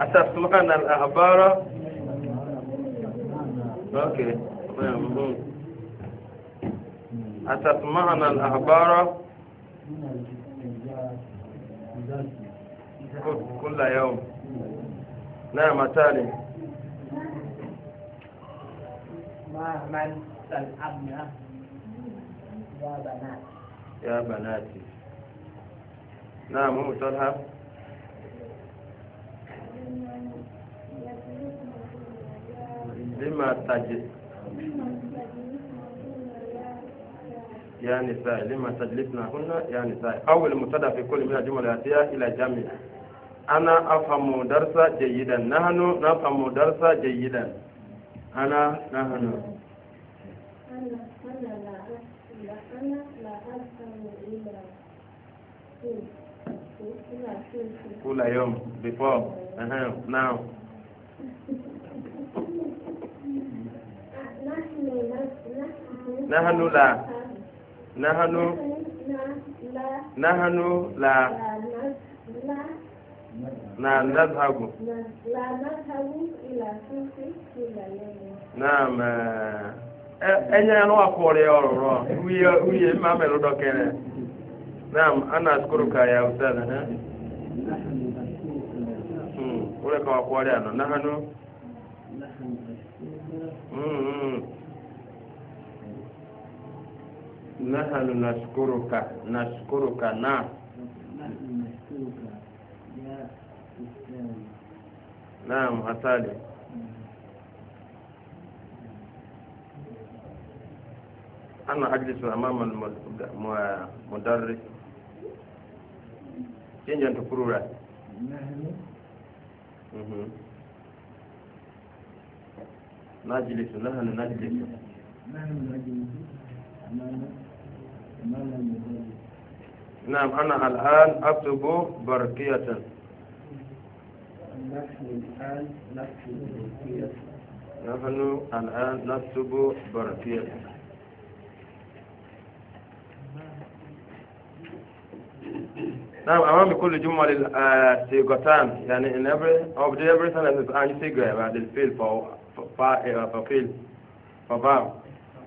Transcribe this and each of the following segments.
أتسمعنا الأخبار أوكي أتسمعنا الأخبار كل يوم نعم تالي ما من الأبناء يا بناتي يا بناتي نعم هو طلحة لما تجد يا نساء لما تجلسنهن يا نساء أول مبتدا في كل من الجمل الآتية إلى جامعة أنا أفهم درسا جيدا نحن نفهم درسا جيدا أنا نحن كل يوم before نعم nahanu la nahanu nahanu la na nadhabu naam eh, eh, enya no akore ororo uye uye ma melo dokere naam ana askuruka eh? hmm, ya ustadha ha hmm ule kwa kwale nahanu nahanu nahnu nashkuruka nashkuruka na naam hatali أنا أجلس أمام المدرس change and kurura najlisu nahnu najlisu nahnu najlisu نعم أنا الآن أكتب بركية نحن الآن نكتب برقية نحن الآن نكتب برقية نعم أمام كل جمل صيغتان آه، يعني in every of the every sentence عن صيغة بعد الفيل ففيل ففاعل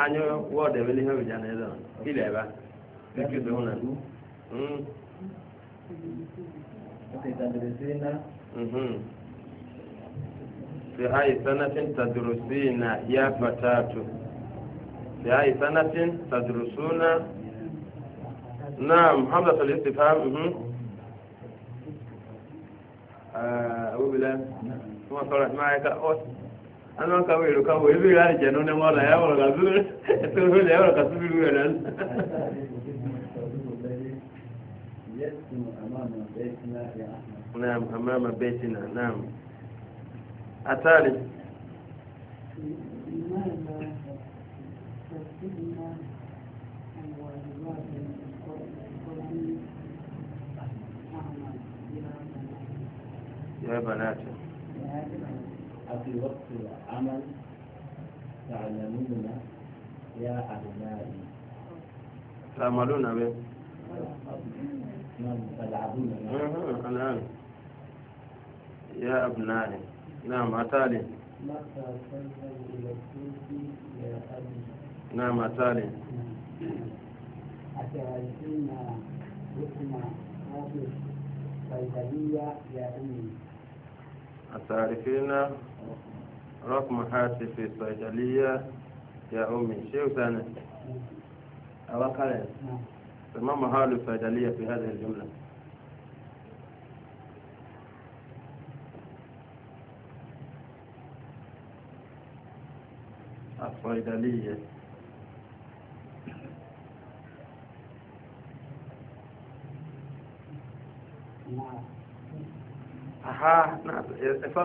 anyo wọ́ọ̀dù ẹ̀mí ní hẹ́rù jáde lọ ilẹ̀ bá bíkí tó ń nà. في أي سنة تدرسين يا فتاة في أي سنة تدرسون نعم حملة الاستفهام أبو بلال ثم صلت معك ana kawo ero kawo ebe ya je no ne mara ya wala gazuru eto ho le wala kasuru ru ran نعم أمام بيتنا نعم الثالث يا بناتي أفي وقت العمل تعلمون يا أبنائي تعملون به نعم، الآن نعم. يا أبنائي نعم أتالي نعم أتالي أتعرفين حكم هذه الصيدلية يا أمي الصارفين رقم هاتف الصيدلية يا أمي شيء ثاني أوقع فما محال الصيدلية في هذه الجملة الصيدلية Wow. نعم. aha ẹ̀fà